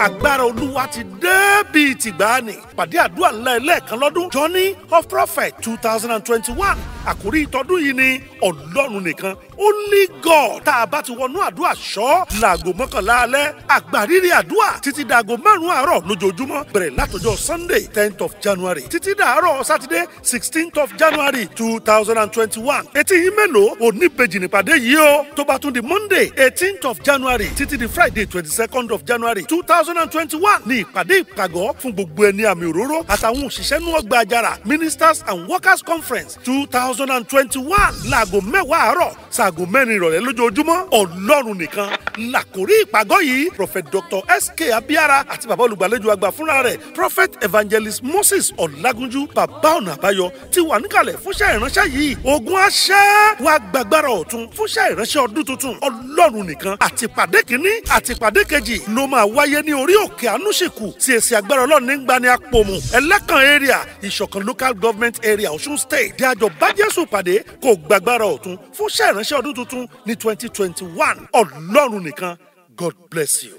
agbára olúwa ti dé bíi tìgbàanì pàdé àdúrà ńlá ẹlẹ́ẹ̀kan lọ́dún journey of prophet two thousand and twenty-one àkórí ìtọ́dún yìí ni ọlọ́run nìkan only god tá a bá ti wọnú àdúrà ṣọ́ làago mọ́kànlá alẹ́ àgbàrírí àdúrà títí dàgò márùn-ún àárọ̀ lójoojúmọ́ bẹ̀rẹ̀ látọjọ́ sunday tenth of january títí dàárọ̀ saturday sixteenth of january two thousand and twenty-one etí yín mélòó oníbejì nípàdé yìí o tó bá tún di monday eighteenth of january títí di friday twenty-second of january two thousand thousand and twenty-one ní ìpàdé ìpàgọ́ fún gbogbo ẹni àmì òróró àtàwọn òṣìṣẹ́ ọgbà àjàrà ministers and workers conference two thousand and twenty-one láago mẹ́wàá àárọ̀ sáago mẹ́rin ìrọ̀lẹ́ lójoojúmọ́ ọlọ́run nìkan làkórí ìpàgọ́ yìí prophet dr sk abiara àti bàbá olùgbàlejò àgbà fúnra rẹ̀ prophet evangelist moses ọlágúnjú bàbá ọ̀nà àbáyọ ti wà níkàlẹ̀ fúnṣẹ́ ìránṣẹ́ yìí ogun aṣẹ́ wa gbàgbára ọ̀tun fúnṣẹ́ ìránṣẹ́ ọdún tuntun ọlọ́run nìkan àtìpàdé kìíní àtìpàdé kejì ló máa wáyé ní orí òkè anúṣekù tí èsì agbára ọlọ́run ní gbani apòmù ẹlẹ́kàn area ìṣọ̀kan local government area ọ̀ṣun state di àjọ bá jésù pàdé kò gbàgbára ọ̀tun fúnṣẹ́ ìránṣẹ́ ọdún tuntun ní twenty twenty one ọlọ́run nìkan god bless you.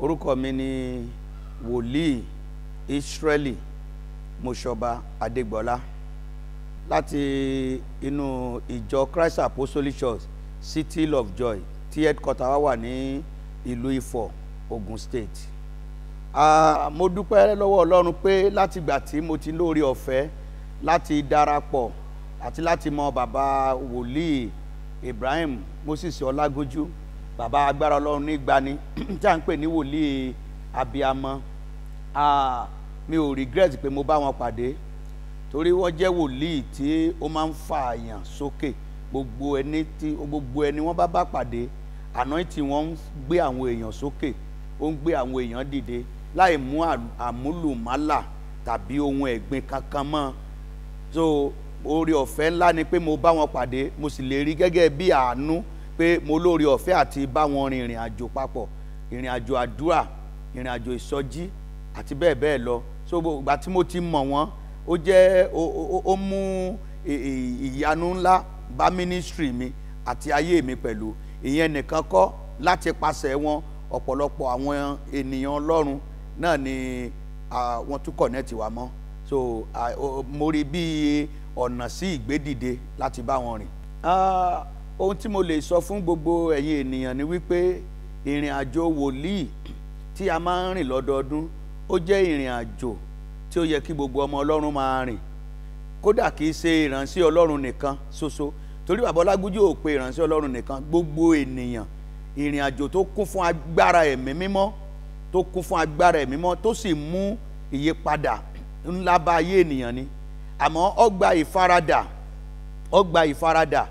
orúkọ mi ni wòlíì israeli mọ́ṣọ́ba Adegbola. láti inú ìjọ christ apostolic church city of joy tí headquarter wa wà ní ìlú ifọ̀ ogun state. Uh, mo dúpẹ́ lọ́wọ́ ọlọ́run pé látìgbà tí mo ti lórí ọ̀fẹ́ láti darapọ̀ àti láti mọ bàbá wòlíì ibrahim moses ọlágójú Baba agbára ọlọ́run ní gbani tí à ń pè ní wòlíì abiyamọ mi ò regret pé mo bá wọn pàdé torí wọ́n jẹ́ wòlíì tí ó máa ń fa àyàn sókè gbogbo ẹni tí gbogbo ẹni wọ́n bá bá pàdé àná tí wọ́n ń gbé àwọn èèyàn sókè ó ń gbé àwọn èèyàn dìde láì mú àmúlùmálà tàbí ohun ẹ̀gbin kankan mọ́ so oore ọ̀fẹ́ ńlá ni pé mo bá wọn pàdé mo sì lè rí gẹ́gẹ́ bí àánú pé mo lóore ọ̀fẹ́ àti bá wọn rin ìrìn àjò papọ̀ ìrìn àjò àdúrà ìrìn àjò ìsọjí àti bẹ́ẹ̀ bẹ́ẹ̀ lọ so ìgbà tí mo ti mọ̀ wọ́n ó jẹ́ ó mú ìyanu ńlá bá ministry mi àti ayé mi pẹ̀lú ìyẹn nìkan kọ́ láti pàṣẹ wọn ọ̀pọ̀lọpọ̀ àwọn ènìyàn ọlọ́run náà ni wọ́n tún kọ̀nẹ́tì wa mọ́ so mo rí bí ọ̀nà sí ìgbédìde láti bá wọn rìn. Ah, ohun tí mo lè sọ fún gbogbo ẹ̀yin ènìyàn ni wípé ìrìn àjò wòlíì tí a máa ń rìn lọ́dọọdún ó jẹ́ ìrìn àjò tí ó yẹ kí gbogbo ọmọ ọlọ́run máa rìn kódà kìí ṣe ìránṣẹ́ ọlọ́run nìkan ṣoṣo torí bàbá ọlágúnjú ò pe ìránṣẹ́ ọlọ́run nìkan gbogbo ènìyàn ìrìn àjò tó kún fún agbára ẹ̀mí mímọ́ tó kún fún agbára ẹ̀mí mímọ́ tó sì mú ìyípadà ńlá bá ayé ènìyàn ni àmọ́ ó gba ìfaradà ó gba ìfaradà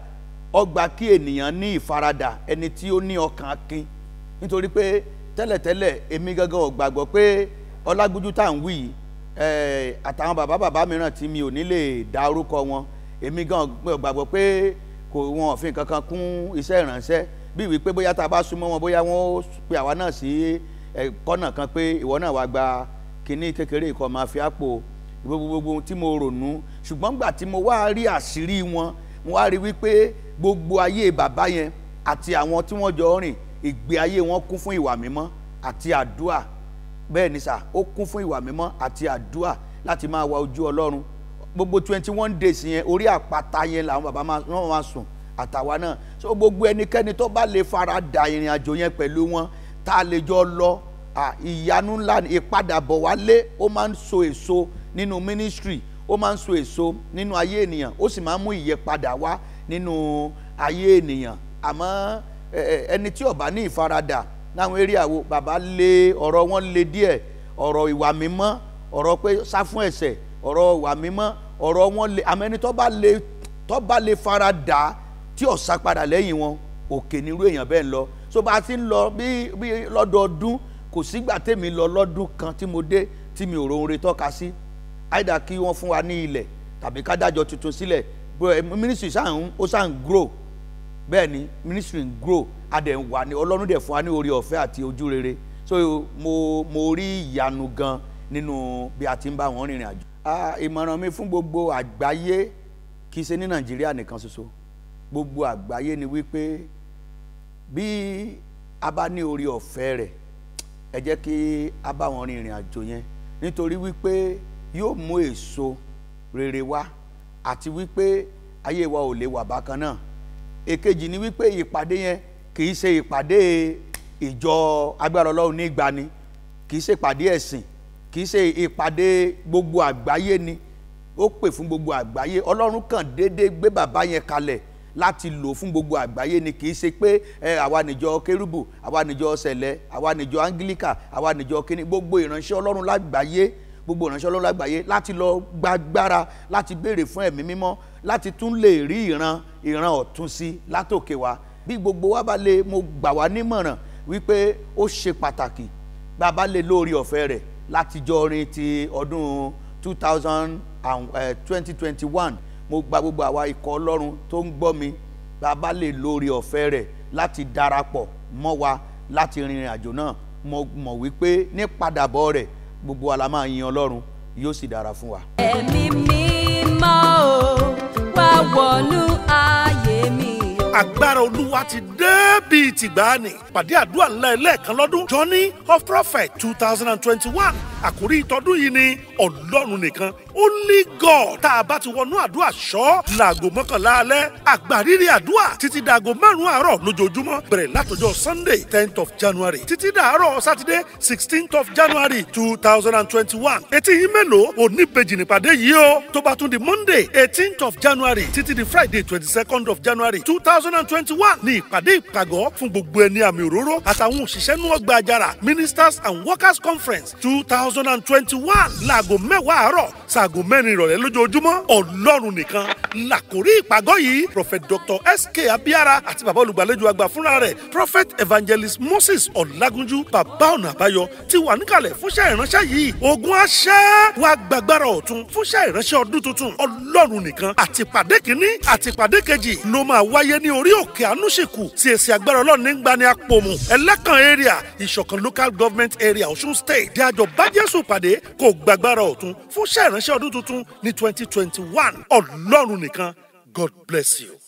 ọgbà kí ènìyàn ní ìfaradà ẹni tí ó ní ọkàn akin nítorí pé tẹ́lẹ̀tẹ́lẹ̀ èmi gangan ò gbàgbọ́ pé ọlágúnjú tá à ń wí àtàwọn bàbá bàbá mìíràn tí mi ò ní lè dá orúkọ wọn èmi gan ò gbàgbọ́ pé kò wọn ò fi nǹkan kan kún iṣẹ́ ìrànṣẹ́ bí wípé bóyá tá a bá súnmọ́ wọn bóyá wọn ó pe àwa náà sí kọ́nà kan pé ìwọ náà wàá gba kínní kékeré ikọ̀ máa fi àpò gbogbo gbogbo tí mo rònú ṣùgbọ́n gbà tí mo wá rí àṣírí wọn mo wá rí wípé gbogbo ayé bàbá yẹn àti àwọn tí wọ́n jọ rìn ìgbé ayé wọn kún fún ìwà mímọ́ àti àdúà bẹ́ẹ̀ ni sà ó kún fún ìwà mímọ́ àti àdúà láti máa wá ojú ọlọ́run gbogbo twenty one days yẹn orí àpáta yẹn làwọn bàbá wọn máa sùn àtàwa náà so gbogbo ẹnikẹ́ni tó bá lè fara da ìrìn àjò yẹn pẹ̀lú wọn tá a lè jọ lọ ìyanu ńlá ìpadàbọ̀ wálé ó máa ń so èso nínú ministry ó máa ń so èso nínú ayé ènìyàn ó sì máa ń mú ìyẹ̀padà wá nínú ayé ènìyàn àmọ́ ẹni tí ó bá ní ìfaradà láwọn eré àwo bàbá lé ọ̀rọ̀ wọn lé díẹ̀ ọ̀rọ̀ ìwà mímọ́ ọ̀rọ̀ pé sá fún ẹ̀ṣẹ̀ ọ̀rọ̀ ìwà mímọ́ ọ̀rọ̀ wọn lé àmọ́ ẹni tó bá lè faradà tí ó padà lẹ́yìn wọn òkè nírú èèyàn bẹ́ẹ̀ ń lọ so bá a ti ń lọ bí bí lọ́dọọdún kò sígbà tèmi lọ lọ́dún kan tí mo dé tí mi ò rohun re sí àìdá kí wọ́n fún wa ní ilẹ̀ tàbí ká tuntun sílẹ̀ Eh, ministry ṣáà ń ó ṣáà ń grow bẹ́ẹ̀ ni ministry ń grow adẹ̀ ń wà ní ọlọ́run dẹ̀ fún wa ní orí ọ̀fẹ́ àti ojú rere so mo mo rí ìyanu gan nínú bí a ti ń bá wọn rìnrìn àjò. ìmọ̀ràn mi fún gbogbo àgbáyé kì í ṣe ní nàìjíríà nìkan ṣoṣo gbogbo àgbáyé ni wípé bí a bá ní orí ọ̀fẹ́ rẹ̀ ẹ jẹ́ kí a bá wọn rìnrìn àjò yẹn nítorí wípé yóò mú èso rere wá àti wípé ayé wa ò lè wà bákan náà èkejì ni wípé ìpàdé yẹn kì í ṣe ìpàdé ìjọ agbára ọlọ́run ní ìgbani kì í ṣe ìpàdé ẹ̀sìn kì í ṣe ìpàdé gbogbo àgbáyé ni ó pè fún gbogbo àgbáyé ọlọ́run kàn déédéé gbé bàbá yẹn kalẹ̀ láti lò fún gbogbo àgbáyé ni kì í ṣe pé ẹ àwa níjọ kérúbù àwa níjọ sẹlẹ àwa níjọ angílíkà àwa níjọ kíní gbogbo ìránṣẹ́ Ọlọ́run lágbàáyé gbogbo ìránṣẹ́ ọlọ́run lágbàáyé láti lọ gbàgbára láti béèrè fún ẹ̀mí mímọ́ láti tún lè rí ìran ìran ọ̀tun sí látòkè wa bí gbogbo wa bá lè mo gbà wá nímọ̀ràn wípé ó ṣe pàtàkì bá a bá lè lórí ọ̀fẹ́ rẹ̀ láti orin ti ọdún 2021, thousand and eh, twenty twenty one mo gba gbogbo àwa ikọ̀ ọlọ́run tó ń gbọ́ mi bá a bá lè lórí ọ̀fẹ́ rẹ̀ láti darapọ̀ mọ́ wa láti rìnrìn àjò náà mo mọ̀ wípé ní padàbọ̀ rẹ̀ gbogbo wa la máa yin ọlọ́run yóò sì dára fún wa. ẹ̀mí mímọ́ o wá wọnú ayé mi agbára olúwa ti dé bíi tìgbàanì pàdé àdúrà ńlá ẹlẹ́ẹ̀kan lọ́dún journey of prophet two thousand and twenty-one àkórí ìtọ́dún yìí ni ọlọ́run nìkan only God tá a bá ti wọnú àdúrà ṣọ́ làgò mọ́kànlá alẹ́ àgbàrírí àdúrà títí dàgò márùn-ún àárọ̀ lójoojúmọ́ bẹ̀rẹ̀ látọjọ́ Sunday tenth of January títí dàárọ̀ Saturday sixteenth of January two thousand and twenty-one etí yín mélòó oníbejì nípàdé yìí o tó bá tún di Monday eighteenth of January títí di Friday twenty-second of January two thousand and twenty-one ní ìpàdé ìpàgọ́ fún gbogbo ẹni àmì òróró àtàwọn òṣìṣẹ́ nú ọgbà àjàrà Ministers and Workers Conference two thousand thousand and twenty one láago mẹ́wàá àárọ̀ ṣaago mẹ́rin ìrọ̀lẹ́ lójoojúmọ́ ọlọ́run nìkan làkórí ìpàgọ́ yìí prophet dr sk abiara àti bàbá olùgbàlejò àgbà fúnra rẹ̀ prophet evangelist moses ọlágúnjú bàbá ọ̀nà àbáyọ ti wà níkàlẹ̀ fúnṣẹ́ ìránṣẹ́ yìí ogun aṣẹ́ wa gbàgbára ọ̀tun fúnṣẹ́ ìránṣẹ́ ọdún tuntun ọlọ́run nìkan àtìpàdé kìíní àtìpàdé kejì ló máa wáyé ní orí òkè anúṣekù tí èsì agbára ọlọ́run ní gbani apòmù ẹlẹ́kàn area ìṣọ̀kan local government area ọ̀ṣun state di àjọ bá jésù pàdé kò gbàgbára ọ̀tun fúnṣẹ́ ìránṣẹ́ ọdún tuntun ní twenty twenty one ọlọ́run God bless you.